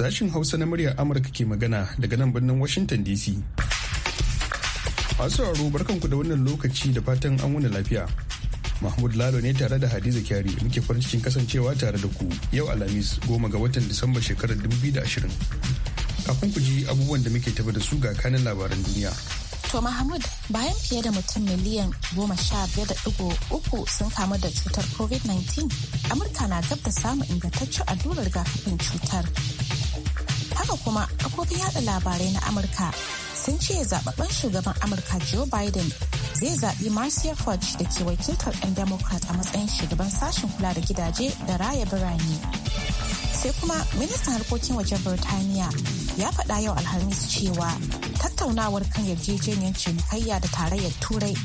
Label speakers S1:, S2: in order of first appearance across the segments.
S1: Sashin Hausa na muryar Amurka ke magana daga nan birnin Washington DC. Masu sauraro ku da wannan lokaci da fatan an wuni lafiya. Mahmud Lalo ne tare da Hadiza Kyari muke farin cikin kasancewa tare da ku yau Alhamis goma ga watan Disamba shekarar 2020. Kafin ku ji abubuwan da muke taba da su ga kanin labaran duniya.
S2: To
S3: Mahmud bayan fiye da mutum miliyan goma sha da digo uku sun kamu da cutar COVID-19, Amurka na gab da samun ingantaccen allurar rigakafin cutar. haka kuma kafofin yada labarai na amurka sun ce zababben shugaban amurka joe biden zai zaɓi marcia fudge da ke wakiltar 'yan democrat a matsayin shugaban sashen kula da gidaje da raya birane sai kuma ministan harkokin wajen birtaniya ya faɗa yau alhamis cewa tattaunawar kan yarjejeniyar cinikayya da tarayyar turai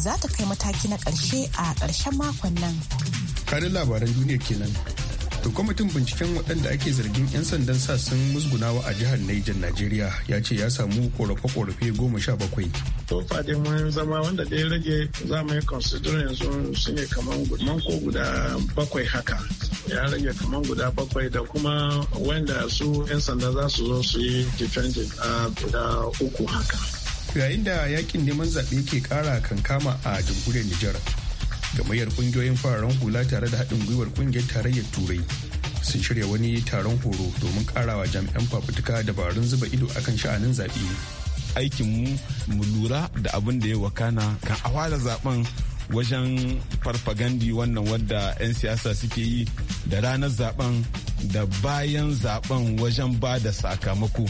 S3: za ta kai mataki na ƙarshe a ƙarshen makon nan
S1: kare labaran duniya kenan To kwamitin binciken waɗanda ake zargin 'yan sandan sa sun musgunawa a jihar Niger Najeriya ya ce ya samu korafe-korafe goma sha bakwai.
S4: To faɗin mun zama wanda ɗaya rage za mu yi consider yanzu su ne kamar ko guda bakwai haka. Ya rage kamar guda bakwai da kuma wanda su 'yan sanda za su zo su yi defending a guda uku haka.
S1: Yayin da yakin neman zaɓe ke ƙara kankama a jamhuriyar Nijar. gamayyar kungiyoyin fararen hula tare da haɗin gwiwar kungiyar tarayyar turai sun shirya wani taron horo domin karawa jami'an fafutuka dabarun zuba ido akan sha'anin zaɓe aikin mu mu lura da abin da ya wakana kan a zaben wajen farfagandi wannan wadda 'yan siyasa suke yi da ranar zaben da bayan zaben wajen ba da sakamako.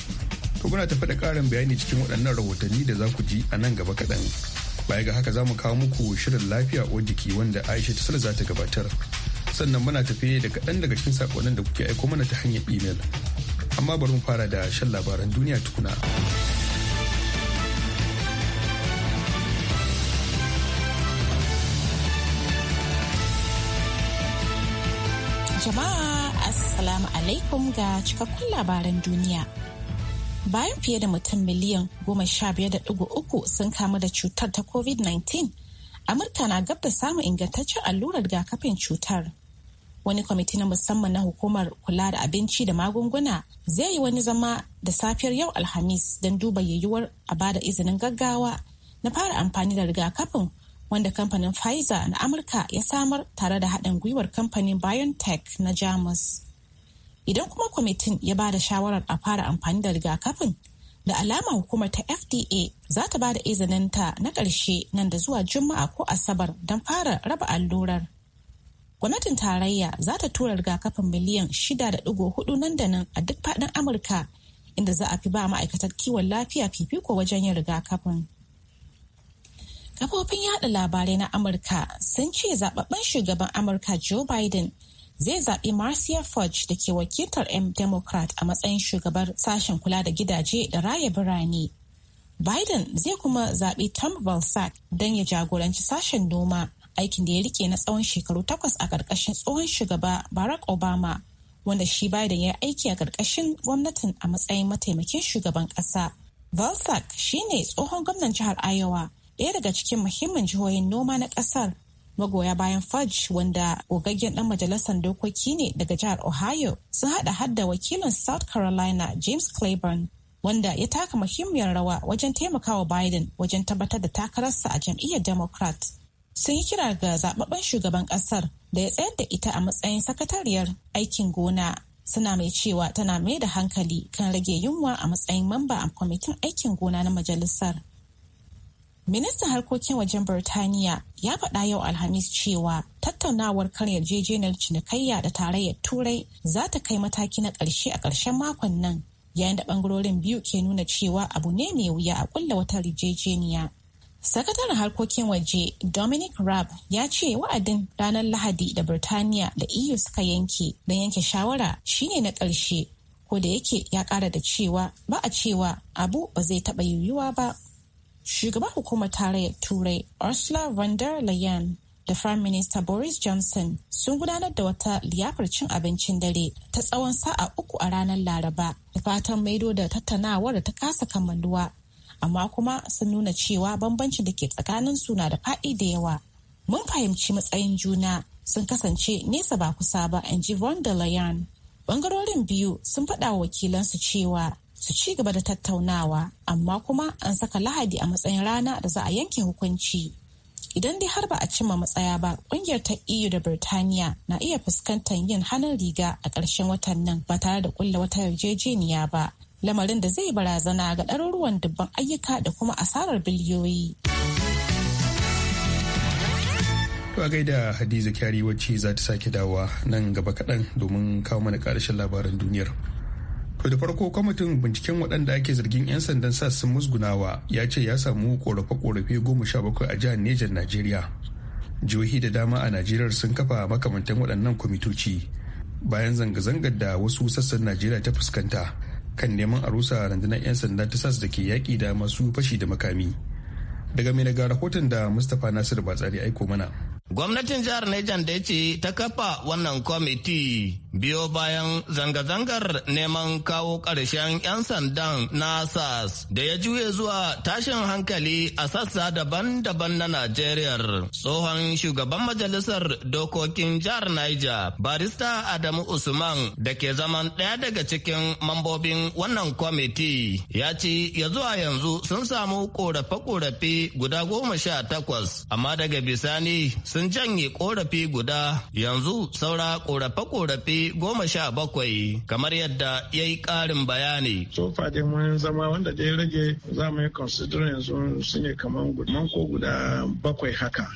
S1: To ta tafi da karin bayani cikin waɗannan rahotanni da za ku ji a nan gaba kaɗan. baya ga haka za mu kawo muku shirin lafiya uwar jiki wanda aisha ta za ta gabatar sannan muna tafe da kaɗan daga cikin saƙonin da kuke aiko mana ta hanyar imel amma bari mu fara da shan labaran duniya tukuna
S3: jama'a assalamu alaikum ga cikakkun labaran duniya bayan fiye da mutum miliyan goma sha biyar da uku sun kamu da cutar ta covid-19 amurka na gab da samun ingantaccen allurar rigakafin cutar wani kwamiti na musamman na hukumar kula da abinci da magunguna zai yi wani zama da safiyar yau alhamis don duba yiwuwar a bada izinin gaggawa na fara amfani da rigakafin wanda kamfanin pfizer na amurka ya samar tare da haɗin gwiwar kamfanin biontech na jamus Idan kuma kwamitin ya ba da shawarar a fara amfani da rigakafin, da alama hukumar ta FDA za ta ba da izininta na ƙarshe nan da zuwa Juma'a ko Asabar don fara raba allurar. Gwamnatin tarayya za ta tura rigakafin miliyan shida da hudu nan da nan a duk faɗin Amurka inda za a fi ba ma'aikatar kiwon lafiya fifiko wajen yin rigakafin. Kafofin yaɗa labarai na Amurka sun ce zaɓaɓɓen shugaban Amurka Joe Biden zai zaɓi Marcia Fudge da ke wakiltar 'yan Democrat a matsayin shugabar sashen kula da gidaje da raya birane. Biden zai kuma zaɓi Tom Vilsack don ya jagoranci sashen noma aikin da ya rike na tsawon shekaru takwas a ƙarƙashin tsohon shugaba Barack Obama wanda shi Biden ya aiki a ƙarƙashin gwamnatin a matsayin mataimakin shugaban ƙasa. Vilsack shine tsohon gwamnan jihar Iowa ɗaya daga cikin muhimmin jihohin noma na ƙasar magoya bayan fudge wanda gogaggen dan majalisar dokoki ne daga jihar ohio sun hada hadda wakilin south carolina james claiborne wanda ya taka muhimmiyar rawa wajen taimakawa biden wajen tabbatar da takararsa a jam'iyyar democrat sun yi kira ga zababben shugaban kasar da ya tsayar da ita a matsayin sakatariyar aikin gona suna mai cewa tana mai da hankali kan rage yunwa a matsayin mamba a kwamitin aikin gona na majalisar Ministan harkokin wajen Birtaniya ya faɗa yau Alhamis cewa tattaunawar kan yarjejeniyar cinikayya da tarayyar Turai za ta kai mataki na ƙarshe a ƙarshen makon nan yayin da ɓangarorin biyu ke nuna cewa abu ne mai wuya a ƙulla wata yarjejeniya. Sakataren harkokin waje Dominic Raab ya ce wa'adin ranar Lahadi da Birtaniya da EU suka yanke don yanke shawara shine na ƙarshe ko da yake ya ƙara da cewa ba a cewa abu ba zai taɓa yiwuwa ba. shugaban hukumar tarayyar turai ursula von der leyen da Prime Minister Boris Johnson sun gudanar da wata liyafar cin abincin dare ta tsawon sa'a uku a ranar Laraba da fatan maido da tattanawar da ta kasa kammaluwa. Amma kuma sun nuna cewa bambancin da ke tsakanin suna da faɗi da yawa. Mun fahimci matsayin juna sun kasance nesa ba kusa ba, in ji von der Leyen. Bangarorin biyu sun faɗa wakilansu cewa su ci gaba da tattaunawa amma kuma an saka lahadi a matsayin rana da za a yanke hukunci idan dai har ba a cimma matsaya ba kungiyar ta eu da birtaniya na iya fuskantar yin hannun riga a ƙarshen watan nan ba tare da kulla wata yarjejeniya ba lamarin da zai barazana ga ɗaruruwan dubban ayyuka da kuma asarar biliyoyi.
S1: To a gaida Hadiza Kyari wacce za ta sake dawa nan gaba kaɗan domin kawo mana ƙarshen labaran duniyar. To da farko kwamitin binciken waɗanda ake zargin 'yan sandan sa sun musgunawa ya ce ya samu korafe-korafe goma sha bakwai a jihar Nejan Najeriya. Jihohi da dama a Najeriya sun kafa makamantan waɗannan kwamitoci bayan zanga-zangar da wasu sassan Najeriya ta fuskanta kan neman a rusa rundunar 'yan sanda ta sas da ke yaƙi da masu fashi da makami. Daga mai daga rahoton da Mustapha Nasiru Batsari aiko mana.
S5: Gwamnatin jihar Nejan da ya ce ta kafa wannan kwamiti biyo bayan zanga-zangar neman kawo ƙarshen 'yan sandan na sas da ya juye zuwa tashin hankali a sassa daban-daban na Najeriya. Tsohon shugaban majalisar dokokin jihar Niger, barista Adamu Usman da ke zaman ɗaya daga cikin mambobin wannan kwamiti ya ce ya zuwa yanzu sun samu ƙorafe-ƙorafe guda goma sha takwas, amma daga bisani sun janye ƙorafi guda yanzu saura ƙorafe-ƙorafe goma sha bakwai kamar yadda ya yi ƙarin bayani. So
S4: far dai mun zama wanda da ya rage za mu yi consider yanzu su ne kaman ko guda bakwai haka.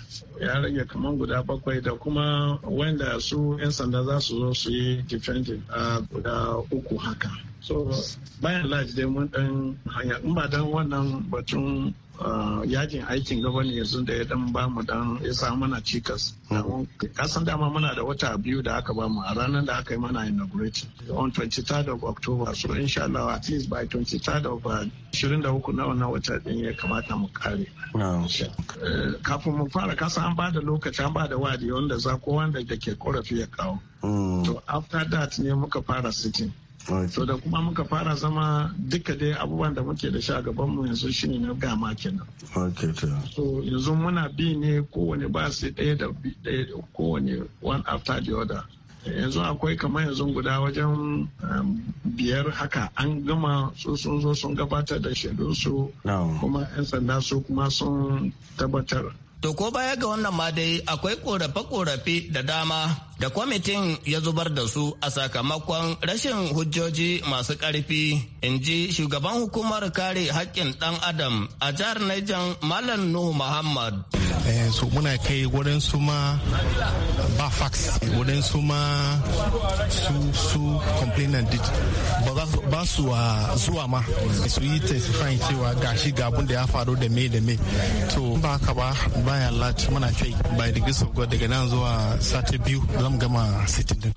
S4: Ya rage kaman guda bakwai da kuma wanda su 'yan sanda za su zo su yi defending a guda uku haka. So bayan large dai mun ɗan hanya in ba dan wannan batun yajin aikin gaban yanzu da ya dan ba mu dan ya samu mana cikas mm. kasan dama muna da wata biyu da aka ba mu a ranar da aka yi mana inauguration on 23rd of october so insha Allah at least by 23rd of 23 uh, na wannan wata din ya kamata mu kare eh, kafin mu fara kasan an ba da lokaci an ba da wadi wanda za ko wanda da ke korafi ya kawo mm. to after that ne muka fara sitting so da kuma muka fara zama duka dai abubuwan da muke da sha gaban mu yanzu shine na gama kenan so yanzu muna bi ne kowane ba sai daya da daya da kowane one after the other yanzu akwai kamar yanzu guda wajen um, biyar haka an gama sun
S5: zo sun gabatar da su
S4: kuma 'yan sanda su kuma sun tabbatar
S5: To ko baya ga wannan ma dai akwai korafe-korafe da dama da kwamitin ya zubar da su a sakamakon rashin hujjoji masu ƙarfi in ji shugaban hukumar kare haƙƙin ɗan adam a jihar Niger Malam Nuhu Muhammad.
S1: Eh, su muna kai wurin su ma ba fax wurin su ma su su complainant ba su ah, zuwa ma su yi testifying cewa gashi gabun da ya faru da me da me to ba ka ba bayan lati muna kai by the grace of god daga nan zuwa sati biyu gama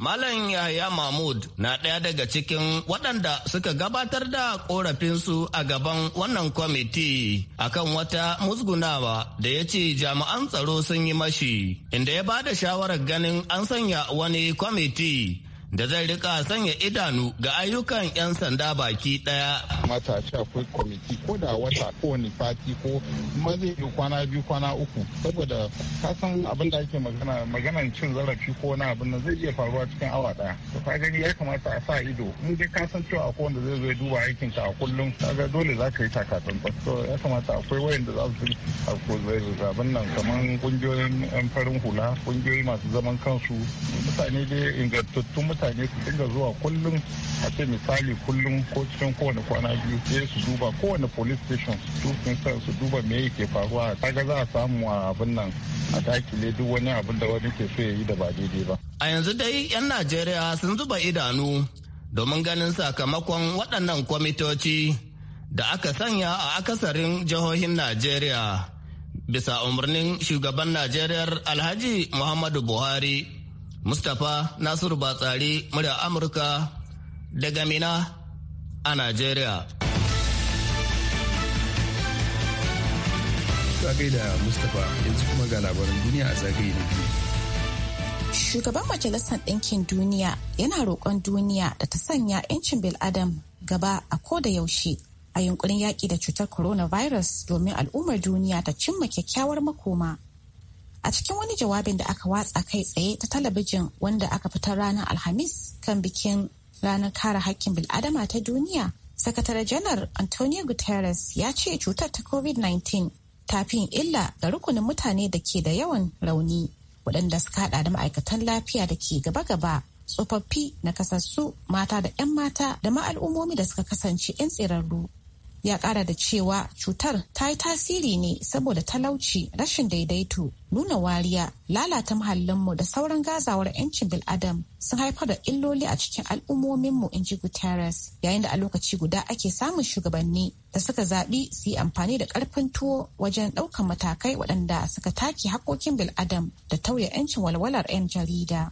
S5: Malam Yahaya Mahmud na ɗaya daga cikin waɗanda suka gabatar da korafinsu a gaban wannan kwamiti akan wata musgunawa da ya ce jami'an tsaro sun yi mashi inda ya ba da shawarar ganin an sanya wani kwamiti da zai rika sanya idanu ga ayyukan 'yan sanda baki daya.
S6: Mata ce akwai kwamiti ko da wata kowane
S1: fati ko zai
S6: yi kwana biyu kwana uku saboda kasan abin da ake magana maganan cin zarafi ko wani abin nan zai iya faruwa cikin awa daya. To ka gani ya kamata a sa ido in dai ka san cewa akwai wanda zai zo duba aikin ka a kullum kaga dole za ka yi taka tsantsan. To ya kamata akwai wayanda za su a ko zai zo abin nan kamar kungiyoyin farin hula kungiyoyi masu zaman kansu mutane dai ingantattun mutane su dinga zuwa kullum a ce misali kullum ko cikin kowane kwana biyu sai su duba kowane police station su sun su duba me yake faruwa kaga za a samu a abin nan a dakile duk wani abin da wani ke so ya yi da ba
S5: daidai ba. A yanzu dai 'yan Najeriya sun zuba idanu domin ganin sakamakon waɗannan kwamitoci da aka sanya a akasarin jihohin Najeriya bisa umarnin shugaban Najeriya Alhaji Muhammadu Buhari. Mustapha Nasiru Batsari murya Amurka daga Mina a Najeriya.
S1: Zagai da Mustapha yanzu kuma ga labarin duniya a zagaye na biyu.
S3: Shugaban Majalisar Ɗinkin Duniya yana roƙon duniya da ta sanya 'yancin bil'adam gaba a koda yaushe a yunkurin yaƙi da cutar coronavirus domin al'ummar duniya ta cimma kyakkyawar makoma. A cikin wani jawabin da aka watsa kai tsaye ta talabijin wanda aka fitar ranar Alhamis kan bikin ranar kare hakkin bil'adama ta duniya, Sakatare Janar Antonio Guterres ya ce cutar ta COVID-19 ta fi illa ga rukunin mutane da ke da yawan rauni waɗanda suka haɗa da ma'aikatan lafiya da ke gaba-gaba tsofaffi na kasassu mata da 'yan mata da ma'al'umomi da suka kasance 'yan tsirarru ya kara da cewa cutar ta yi tasiri ne saboda talauci rashin daidaito nuna wariya lalata muhallinmu da sauran gazawar 'yancin bil'adam sun haifar da illoli a cikin al'ummominmu in ji guterres yayin da a lokaci guda ake samun shugabanni da suka zaɓi su yi amfani da ƙarfin tuwo wajen ɗaukan matakai waɗanda suka take haƙoƙin bil'adam da tauye 'yancin walwalar 'yan jarida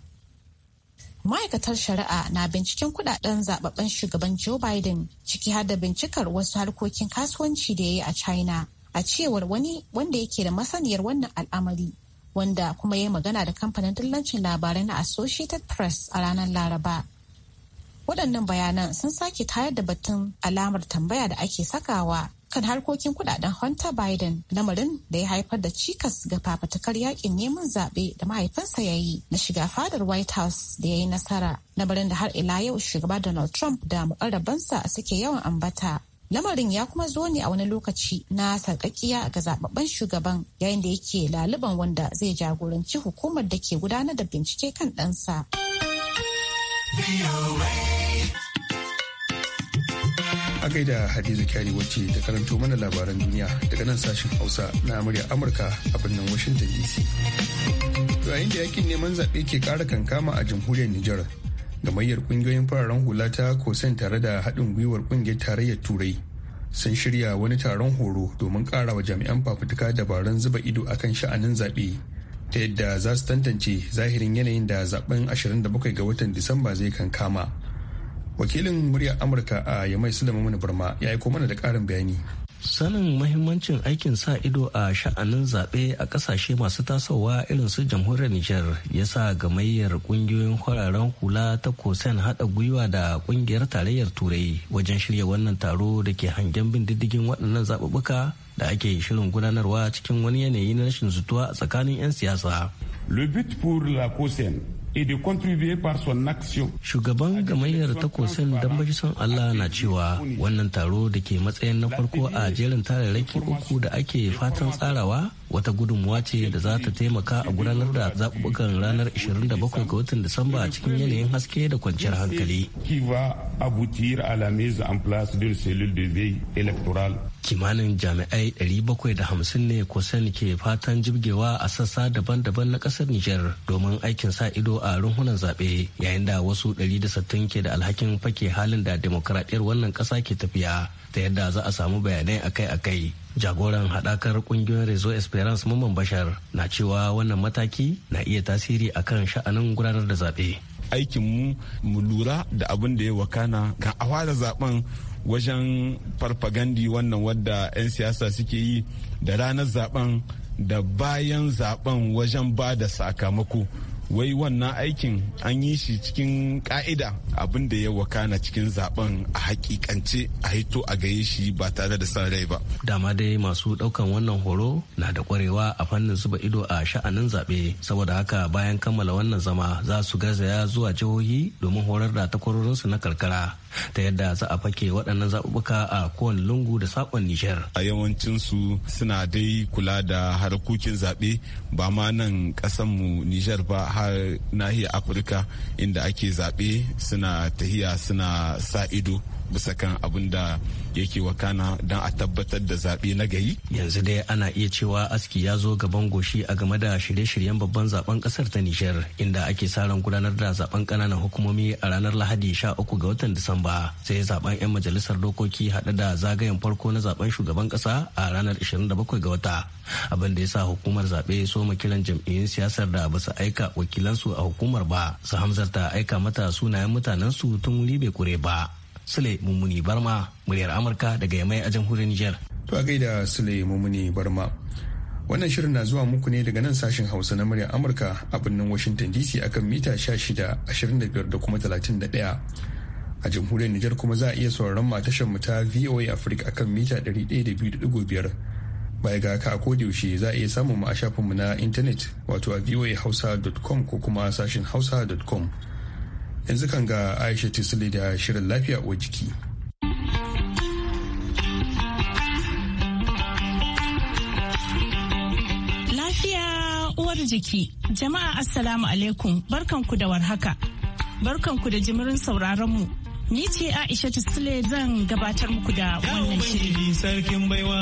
S3: ma'aikatar shari'a na binciken kudaden zababben shugaban joe biden ciki har da bincikar wasu harkokin kasuwanci da ya yi a china a cewar wani wanda yake da masaniyar wannan al'amari wanda kuma ya yi magana da kamfanin dillancin labarai na associated press a ranar laraba waɗannan bayanan sun sake tayar da batun alamar tambaya da ake sakawa kan harkokin kudaden Hunter Biden lamarin da ya haifar da cikas ga fafatakar yakin neman zaɓe da mahaifinsa ya yi na shiga fadar White House da ya yi nasara lamarin da har ila yau shugaba Donald Trump da mukarrabansa suke yawan ambata. Lamarin ya kuma zo ne a wani lokaci na sarƙaƙiya ga zababben shugaban yayin da yake laliban wanda zai jagoranci hukumar da ke gudanar da bincike kan ɗansa.
S1: a da hadiza kyari wacce ta karanto mana labaran duniya daga nan sashen hausa na amurya amurka a birnin washington dc yayin da yakin neman zaɓe ke ƙara kankama a jamhuriyar nijar gamayyar ƙungiyoyin fararen hula ta kosan tare da haɗin gwiwar ƙungiyar tarayyar turai sun shirya wani taron horo domin ƙara wa jami'an fafutuka dabarun zuba ido a kan sha'anin zaɓe ta yadda za su tantance zahirin yanayin da zaben 27 ga watan disamba zai kankama wakilin muryar amurka a yamai sulaiman burma ya aiko mana da karin bayani sanin mahimmancin aikin sa ido
S7: a sha'anin zaɓe a ƙasashe masu tasowa irin su jamhuriyar niger ya sa gamayyar ƙungiyoyin kwararen hula ta kosen haɗa gwiwa da ƙungiyar tarayyar turai wajen shirya wannan taro da ke hangen bin diddigin waɗannan zaɓuɓɓuka da ake shirin gudanarwa cikin wani yanayi na rashin zutuwa a tsakanin 'yan siyasa. Le but la COSEN et de contribuer par son action. Shugaban gamayyar takosin dan son Allah na cewa wannan taro da ke matsayin na farko a jerin tararraki uku da ake fatan tsarawa wata gudunmuwa ce da za ta taimaka a gudanar da zaɓuɓɓukan ranar 27 ga watan Disamba cikin yanayin haske da kwanciyar hankali. Kimanin jami'ai 750 ne kusan ke fatan jibgewa a sassa daban-daban na ƙasar Nijar domin aikin sa ido a runhunan zaɓe yayin da wasu 160 ke da alhakin fake halin da demokradiyyar wannan ƙasa ke tafiya ta yadda za a samu bayanai akai-akai. jagoran haɗakar ƙungiyoyin rezo esperance mamman bashar na cewa wannan mataki na iya tasiri a kan sha'anin
S1: gudanar da zaɓe aikin mu lura da abin da ya wakana ga a fara zaben wajen farfagandi wannan wadda 'yan siyasa suke yi da ranar zaben da bayan zaben wajen ba da sakamako wai wannan aikin an yi shi cikin ka'ida abin da ya wakana cikin zaben a hakikance a hito a gaye shi ba tare da san rai ba dama dai masu daukan wannan horo
S7: na da kwarewa a fannin zuba ido a sha'anin zaɓe saboda haka bayan kammala wannan zama za su garzaya zuwa jihohi domin horar da takwarorinsu na karkara ta yadda za a fake waɗannan zaɓuɓɓuka a kowane lungu da saƙon Nijar. A yawancinsu suna dai
S1: kula da harkokin zaɓe ba ma nan ƙasanmu Nijar ba har nahiyar Afirka inda ake zaɓe suna tahiya suna sa ido. bisa kan abin da yake wakana don a tabbatar da zaɓe na gari. Yanzu dai ana iya
S7: cewa aski ya zo gaban goshi a game da shirye-shiryen babban zaben ƙasar ta Nijar inda ake sa ran gudanar da zaben ƙananan hukumomi a ranar Lahadi sha uku ga watan Disamba sai zaben 'yan majalisar dokoki haɗe da zagayen farko na zaben shugaban ƙasa a ranar 27 ga wata. Abin da ya sa hukumar zaɓe soma kiran jam'iyyun siyasar da ba su aika wakilansu a hukumar ba su hamzarta aika mata sunayen mutanensu tun wuri bai kure ba. Sule Mummuni Barma muryar
S1: Amurka daga Yamai a jamhuriyar Nijar. To a gaida Sule Mummuni Barma. Wannan shirin na zuwa muku ne daga nan sashin Hausa na muryar Amurka a birnin Washington DC akan mita shida ashirin da kuma 31. A jamhuriyar Nijar kuma za a iya sauraron tashar mu ta VOA Africa akan mita ɗari ɗaya da da biyu biyar Baya ga haka a yaushe za a iya samun mu a shafinmu na intanet wato a voahausa.com ko kuma sashen hausa.com. yanzu kan ga aisha tisili da shirin lafiya uwar jiki
S8: lafiya uwar jiki jama'a assalamu alaikum barkanku da warhaka barkanku da jimirin sauraronmu Ni ce Aisha Sule zan gabatar muku da wannan shirin.
S7: sarkin baiwa.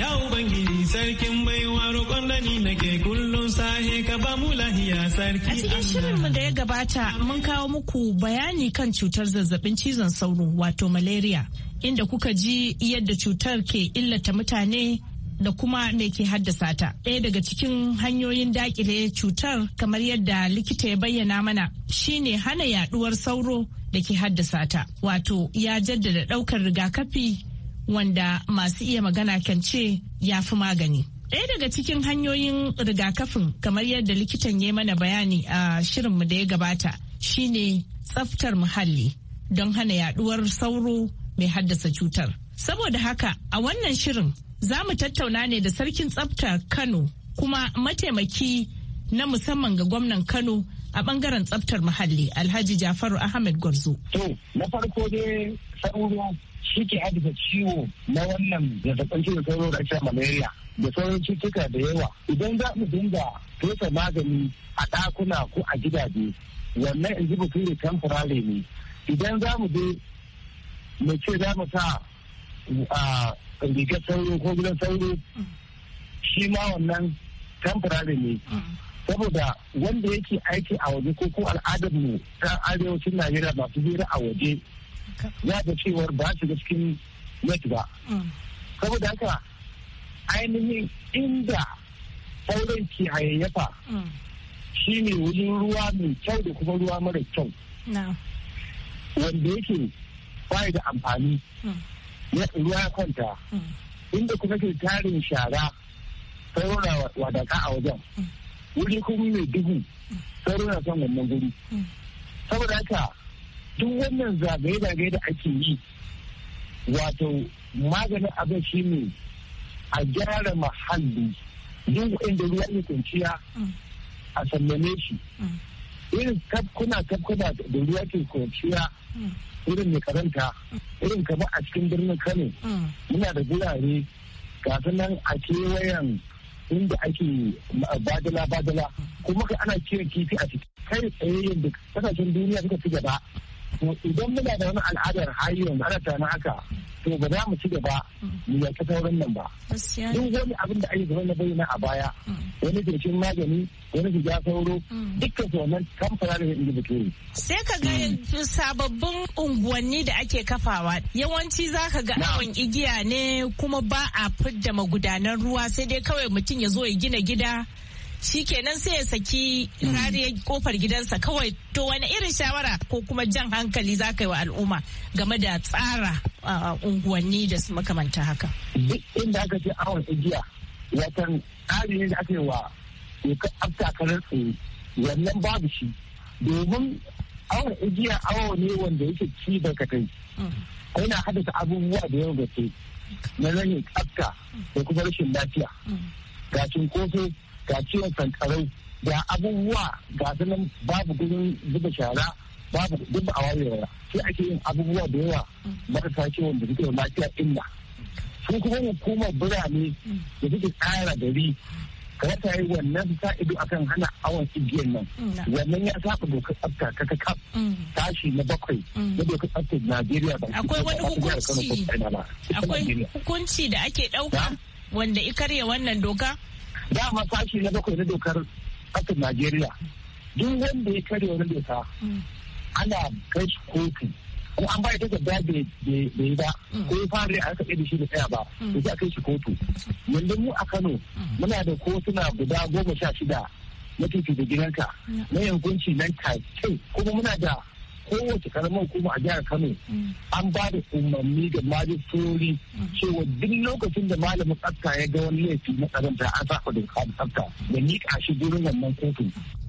S7: Ya Ubangiji sarkin roƙon da ni ke kullum sahe ka ba mu lahiya sarki. A cikin
S8: mu da ya gabata mun kawo muku bayani kan cutar zazzabin cizon sauro wato malaria inda kuka ji yadda cutar ke illata mutane da kuma me ke haddasa ta. Ɗaya daga cikin hanyoyin dakile cutar kamar yadda likita ya bayyana mana shine hana yaduwar sauro da ke haddasa ta. Wato ya jaddada ɗaukar rigakafi wanda masu iya magana kan ce ya fi magani. Ɗaya daga cikin hanyoyin rigakafin kamar yadda likitan ya mana bayani a shirinmu da ya gabata shine tsaftar muhalli don hana yaduwar sauro mai haddasa cutar. Saboda haka a wannan shirin za mu tattauna ne da sarkin tsaftar Kano kuma mataimaki na musamman ga gwamnan Kano a bangaren tsaftar muhalli Alhaji Jafaru Ahmed Gwarzo. To, na farko dai sauro shi ke haddasa ciwo na wannan zazzabin
S6: da sauro da ake malaria. da sauran cutuka da yawa idan za mu dinga fesa magani a ɗakuna ko a gidaje wannan in ji bature temporary ne idan za mu je mu ce za mu sa rigar sauro ko gidan sauro shi ma wannan temporary ne saboda wanda yake aiki a waje ko ko al'adar mu ta arewacin najeriya masu hira a waje ya da cewar ba shiga cikin net ba mm. saboda haka ainihin inda sauran ke hayayyafa mm. shi ne wajen ruwa mai kyau da kuma ruwa mara kyau wanda yake bai da amfani mm. ruwa ya kwanta mm. inda kuma ke tarin shara saurara wadaka a wajen wuri kuma mai duhu saurara son wannan guri saboda haka duk wannan zagaye-zagaye da ake yi wato maganin abin shi ne a gyara mahalli duk inda ruwa ya kwanciya mm. a sallame shi mm. irin tafkuna kafkuna da ruwa ke kwanciya mm. irin mai karanta irin kamar a cikin birnin kano muna da gurare gasu nan a kewayen inda ake badala badala kuma ka ana kiran kifi a ciki kai tsaye yadda kasashen duniya suka fi gaba to idan muna da wani al'adar har ana tana haka to ba za mu ci gaba mu yaƙi sauran nan ba duk wani abin da ake na bayyana a baya mm. wani jirgin magani wani shiga sauro mm. dukkan su wannan kamfana da inda bature
S8: sai ka ga mm. sababbin unguwanni da ake kafawa yawanci za ka ga awon igiya ne kuma ba a fidda magudanan ruwa sai dai kawai mutum ya zo ya gina gida shi kenan sai ya saki rariyar kofar gidansa kawai to wani irin shawara ko kuma jan hankali za ka yi wa al'umma game da tsara unguwanni da su makamanta haka. Duk
S6: inda aka ce awon igiya ya kan tsari da aka yi wa dokar afta karar wannan babu shi domin awon igiya awo ne wanda yake ci kai. Mm. Yana haddasa abubuwa da yau gaske na ranin tsafta da kuma rashin lafiya. Mm. Gashin kofi ga ciwon sankarau ga abubuwa ga nan babu gudun zuba shara babu duk a wayewa sai ake yin abubuwa da yawa marasa ciwon da suke lafiya inna sun kuma hukumar birane da suke tsara gari Ka ta yi wannan sa ido akan hana awon igiyar nan mm, wannan ya saba dokar tsafta ka ta mm. tashi na bakwai mm. na dokar tsaftar najeriya ba akwai wani hukunci akwai
S8: hukunci da ake dauka wanda ikarya wannan doka dama sashi na bakwai na dokar ƙasar
S6: najeriya duk wanda ya karya wani doka mm. ana kai shi kotu ko an bai ta gaba da yi ba mm. ko ya fara aka tsaye da shi da tsaya ba mm. to kai shi kotu yanzu mu a Kano muna da kotuna guda goma sha shida na da gidanka na yankunci nan take kuma muna da kowace karamar hukuma a jihar Kano an ba da umarni da majistori cewa duk lokacin da malamin tsafta ya ga wani laifi na karanta an sa da tsafta da ka shi gurin wannan kotu.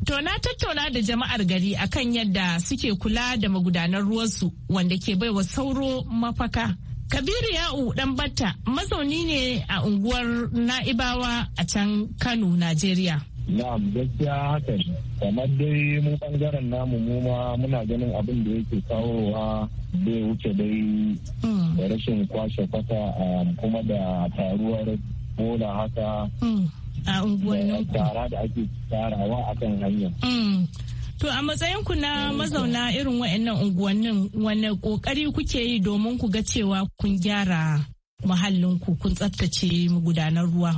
S8: To tattauna da jama'ar gari akan yadda suke kula da magudanan ruwansu wanda ke bai wa sauro mafaka. Kabiru Ya'u dan Batta mazauni ne a unguwar Na'ibawa a can Kano, Najeriya.
S6: na gaskiya haka ne kamar dai mu bangaren namu mu ma muna ganin abin da yake kawowa bai wuce dai mm. da rashin kwashe kwata um, kuma da taruwar bola haka mm.
S8: a unguwannin tara
S6: da ake tarawa
S2: kan hanya
S8: mm. To a matsayin ku na mazauna irin wa'annan unguwannin wani kokari kuke yi domin ku ga cewa kun gyara muhallin ku kun tsaftace magudanar ruwa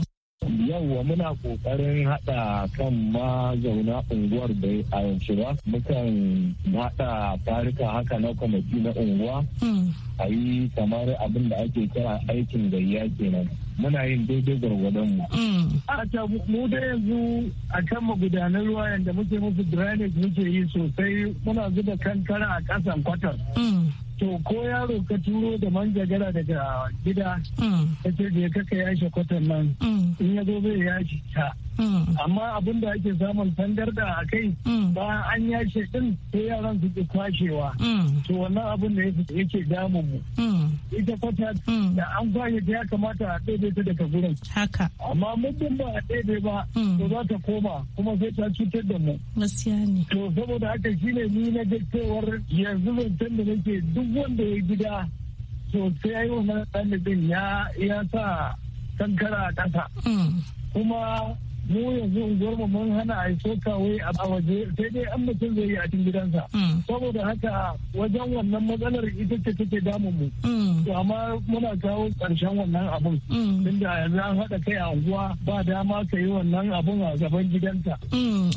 S6: yawwa muna kokarin hada kan mazauna unguwar da a yanzu ba mukan hada tarika haka na kwamiti na unguwa hmm. a yi kamar abin da ake kira aikin gayya kenan muna yin daidai gwargwadon mu. Hmm. A ta mu da yanzu a kan magudanar ruwa yadda muke musu drainage muke yi sosai muna zuba kankara a ƙasan kwatar. Hmm. to ko yaro ka turo da manjagara daga gida mm. ka ce da kaka yashe kwatan nan mm. in ya zo zai yashe ta mm. amma abin da ake samun da a kai ba an yashe din sai yaran su ke kwashewa to wannan abin da yake damun mu ita kwata da an kwashe ta ya kamata a ɗebe ta daga gurin haka amma muddin ba a bai ba to za ta koma kuma sai ta cutar da mu to saboda haka shine ni na ga cewar yanzu zancen da nake duk duk da ya gida to sai ya yi wannan ɗalibin ya sa sankara a ƙasa mm. kuma mu yanzu mu mun hana a so a waje sai dai an mutum zai yi a cikin gidansa mm. saboda haka wajen wannan matsalar ita ce take damun mu mm. to amma muna kawo karshen wannan abun Inda mm. yanzu an haɗa kai a unguwa ba dama ka yi wannan abun a gaban gidanta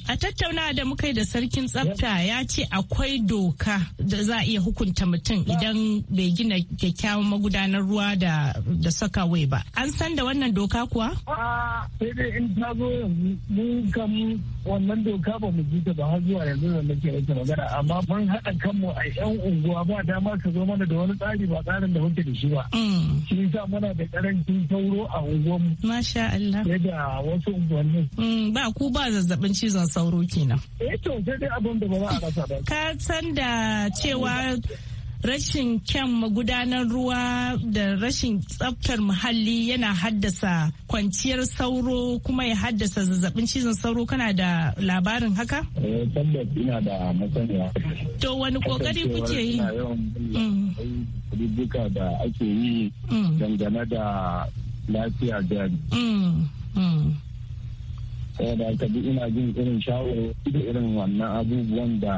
S8: a tattauna da muka yi da sarkin tsafta ya ce akwai doka da za a iya hukunta mutum idan bai gina kyakkyawan magudanar ruwa da saka wai ba an san da wannan doka kuwa sai dai in ta zo yanzu mun kam wannan doka
S6: ba mu ji ta ba har zuwa yanzu da nake yake magana amma mun haɗa kanmu a yan unguwa ba dama ka zo mana da wani tsari ba tsarin da muke da shi ba. Mm. Shi yasa muna da karancin sauro a
S8: unguwanmu. Masha Allah. da wasu unguwanni. Mm, ba ku ba zazzabin cizon sauro kenan. Eh to sai dai abin da ba za a rasa ba. Ka san da cewa rashin kyan magudanar ruwa da rashin tsaftar muhalli yana haddasa kwanciyar sauro kuma ya haddasa zazzabin cizon sauro kana da labarin haka? Eh, tabbas ina da masaniya. To wani kokari kuke yi?
S2: Mm.
S6: Duka da ake yi mm. dangane da lafiya jari.
S2: Da mm.
S6: aka bi ina jin irin shawo da irin wannan abubuwan da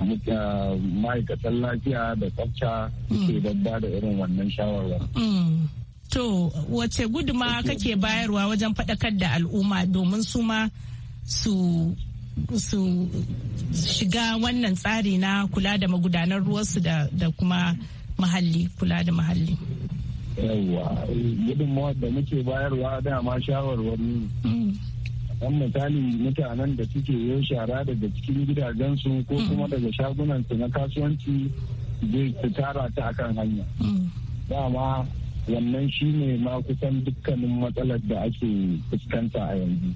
S6: Uh, ma'aikatan lafiya da tsafta ke babba mm. da irin wannan shawarwar.
S8: Mm. To, wace guduma kake bayarwa wajen faɗakar da al'umma domin su ma su su shiga wannan tsari na kula da magudanar ruwansu da, da kuma mahalli kula da mahalli.
S6: Yawwa, gudunmawar da muke bayarwa dama shawarwari dan misali mutanen da suke yau shara daga cikin gidajensu ko mm. kuma daga shagunansu na kasuwanci zai su tara ta akan hanya mm. dama wannan shi ne ma kusan dukkanin matsalar da ake fuskanta a yanzu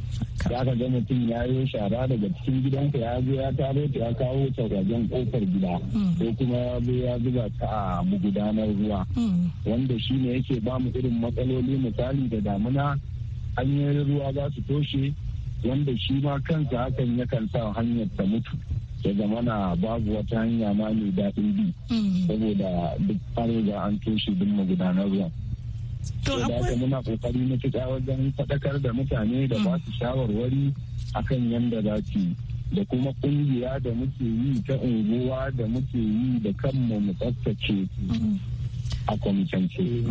S6: ya ka ga mutum ya yi shara daga cikin gidanka ya zo ya taro ta ya kawo ta wajen kofar gida mm. ko kuma ya zo ya zuba ta a magudanar ruwa wanda shi ne yake ba mu irin matsaloli misali da damuna hanyoyin ruwa za su toshe wanda shi ma kansa hakan yakan sa hanyar ta mutu ya zamana babu wata hanya ma mai daɗin bi mm. saboda duk fare da an toshe duk magudanar ruwan To akwai muna kokari fita wajen faɗakar da mutane da mm. ba su shawarwari akan yadda za su da kuma ƙungiya da muke yi ta unguwa da muke yi da kanmu mu tsaftace a kwamitance.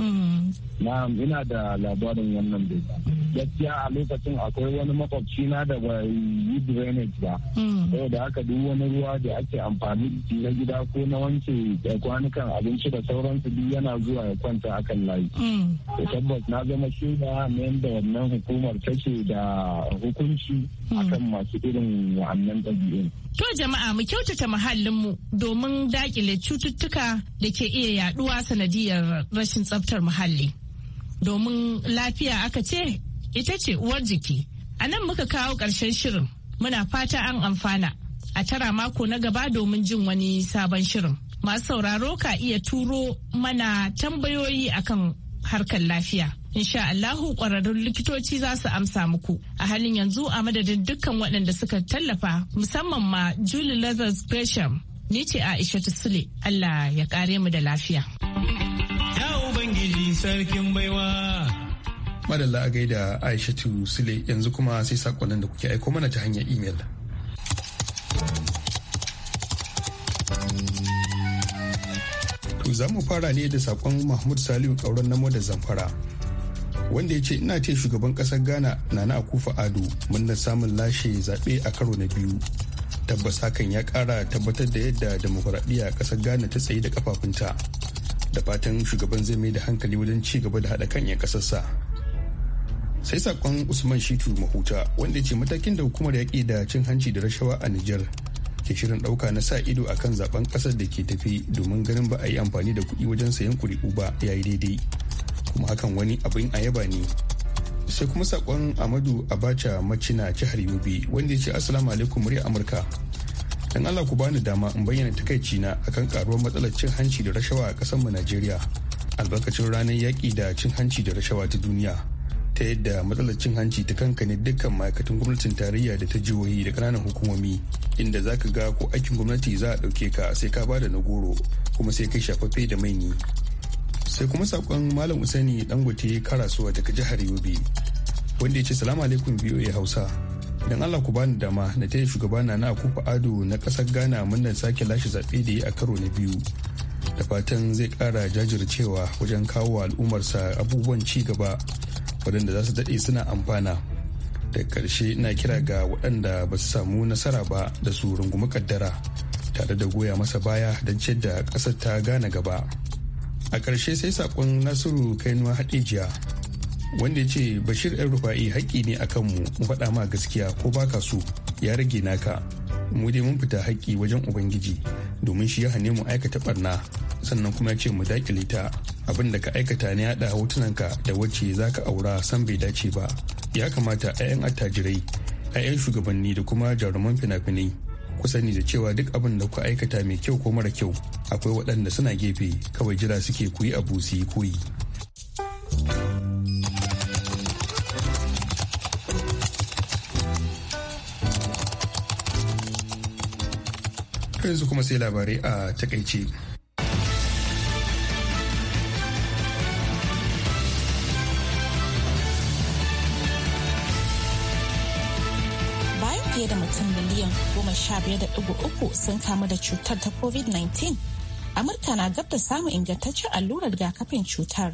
S6: Na ina da labarin wannan doka. Gaskiya a lokacin akwai wani makwabci na da ba yi drainage ba. Mm. da haka duk wani ruwa da ake amfani da na gida ko na wanke kwanukan abinci da sauransu duk yana zuwa ya kwanta akan layi. Da
S2: mm. tabbas
S6: na zama shaida na yadda wannan hukumar take da hukunci mm. akan masu irin wa'annan ɗabi'un.
S8: To jama'a mu kyautata muhallinmu domin dakile cututtuka da ke iya yaduwa sanadiyar rashin tsaftar muhalli. Domin lafiya aka ce ita ce uwar jiki. A nan muka kawo ƙarshen shirin muna fata an amfana a tara mako na gaba domin jin wani sabon shirin. Masu sauraro ka iya turo mana tambayoyi akan harkar lafiya. Insha Allahu ƙwararrun likitoci za su amsa muku. A halin yanzu a madadin dukkan waɗanda suka tallafa musamman ma Julie Lazarus Gresham. Ni ce Aisha Sule Allah ya kare mu da lafiya.
S1: Ya Ubangiji sarkin baiwa. Madalla a gaida Aisha Sule yanzu kuma sai sakonnin da kuke aiko mana ta hanyar imel. To za mu fara ne da sakon Mahmud Saliu kauran namo da zamfara. wanda ya ce ina ce shugaban kasar ghana na akufa ado murnar samun lashe zaɓe a karo na biyu tabbas hakan ya kara tabbatar da yadda demokuraɗiyya a ƙasar ghana ta tsaye da kafafunta da fatan shugaban zai mai da hankali wajen ci gaba da haɗa kan 'yan ƙasarsa sai sakon usman shitu mahuta wanda ce matakin da hukumar yaƙi da cin hanci da rashawa a niger ke shirin ɗauka na sa ido a kan zaben ƙasar da ke tafi domin ganin ba a yi amfani da kuɗi wajen sayan kuri'u ba yi daidai kuma hakan wani abin ayaba ne sai kuma sakon amadu abacha macina jihar yobe wanda ya ce assalamu alaikum murya amurka dan allah ku bani dama in bayyana takaici na akan karuwar matsalar cin hanci da rashawa a kasar mu najeriya albarkacin ranar yaƙi da cin hanci da rashawa ta duniya ta yadda matsalar cin hanci ta kankane dukkan ma'aikatan gwamnatin tarayya da ta jihohi da kananan hukumomi inda zaka ga ko aikin gwamnati za a ɗauke ka sai ka bada na goro kuma sai kai shafaffe da maini sai kuma sakon malam usaini dangote karasuwa daga jihar yobe wanda ya ce salamu alaikum biyoyi hausa don allah ku bani dama na taya shugaba na na akufa ado na kasar ghana munnan sake lashe zaɓe da ya a karo na biyu da fatan zai kara jajircewa wajen kawo wa al'ummarsa abubuwan ci gaba waɗanda za su daɗe suna amfana da ƙarshe ina kira ga waɗanda ba su samu nasara ba da su rungumi kaddara tare da goya masa baya don ciyar da ƙasar ta gane gaba a ƙarshe sai saƙon nasiru kainuwa jiya wanda ya ce bashir yan rufa'i haƙƙi ne a kanmu mu faɗa ma gaskiya ko baka so ya rage naka mu dai mun fita haƙƙi wajen ubangiji domin shi ya hane mu aikata ɓarna sannan kuma ya ce mu daƙile ta abin da ka aikata ne haɗa hotunanka da wacce za ka aura san bai dace ba ya kamata 'ya'yan attajirai 'ya'yan shugabanni da kuma jaruman fina-finai ku sani da cewa duk abin da ku aikata mai kyau ko mara kyau akwai waɗanda suna gefe kawai jira suke ku yi abu su yi koyi yanzu kuma sai labarai a takaice
S3: goma sha biyar da uku sun kamu da cutar ta covid-19 amurka na gab da samun ingantaccen allurar rigakafin cutar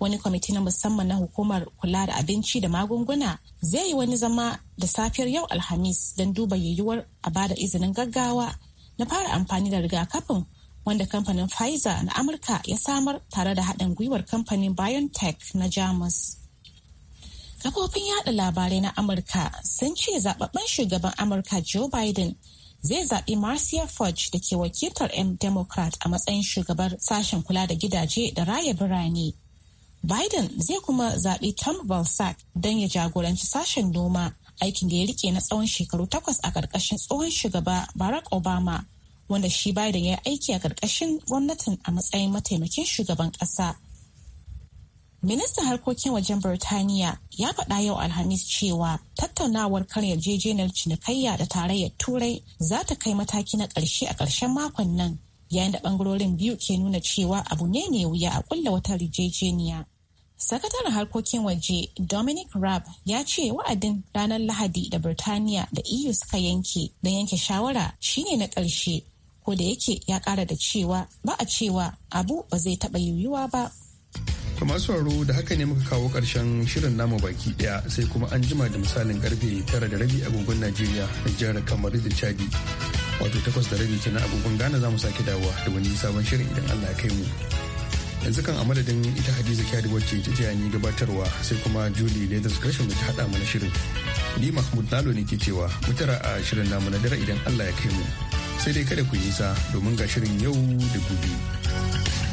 S3: wani kwamiti na musamman na hukumar kula da abinci da magunguna zai yi wani zama da safiyar yau alhamis don duba yiwuwar a bada izinin gaggawa na fara amfani da rigakafin wanda kamfanin pfizer na amurka ya samar tare da haɗin gwiwar kamfanin biontech na jamus kafofin yada labarai na amurka sun ce zababben shugaban amurka joe biden zai zaɓi marcia fudge da ke wakiltar 'yan democrat a matsayin shugabar sashen kula da gidaje da raya birane biden zai kuma zaɓi tom balsack don ya jagoranci sashen noma aikin da ya rike na tsawon shekaru takwas a ƙarƙashin tsohon shugaba barack obama wanda shi biden ya aiki a ƙarƙashin gwamnatin a matsayin mataimakin shugaban ƙasa Ministan harkokin wajen Birtaniya ya faɗa yau Alhamis cewa tattaunawar kan yarjejeniyar cinikayya da tarayyar Turai za ta kai mataki na ƙarshe a ƙarshen makon nan yayin da ɓangarorin biyu ke nuna cewa abu ne ne wuya a ƙulla wata yarjejeniya. Sakataren harkokin waje Dominic Raab ya ce wa'adin ranar Lahadi da Birtaniya da EU suka yanke don yanke shawara shine na ƙarshe ko da yake ya ƙara da cewa ba a cewa abu ba zai taɓa yiwuwa ba
S1: masu sauraro da haka ne muka kawo ƙarshen shirin namu baki ɗaya sai kuma an jima da misalin karfe tara da rabi agogon Najeriya da jihar Kamaru da Chadi. Wato takwas da rabi kenan agogon Ghana za mu sake dawowa da wani sabon shirin idan Allah ya kai mu. Yanzu kan a madadin ita Hadiza Kyari wacce ta jiya ni gabatarwa sai kuma Julie Leathers Gresham da ta haɗa mana shirin. Ni Mahmud Lalo ne ke cewa mutara a shirin namu na dare idan Allah ya kai mu. Sai dai kada ku yi nisa domin ga shirin yau da gobe.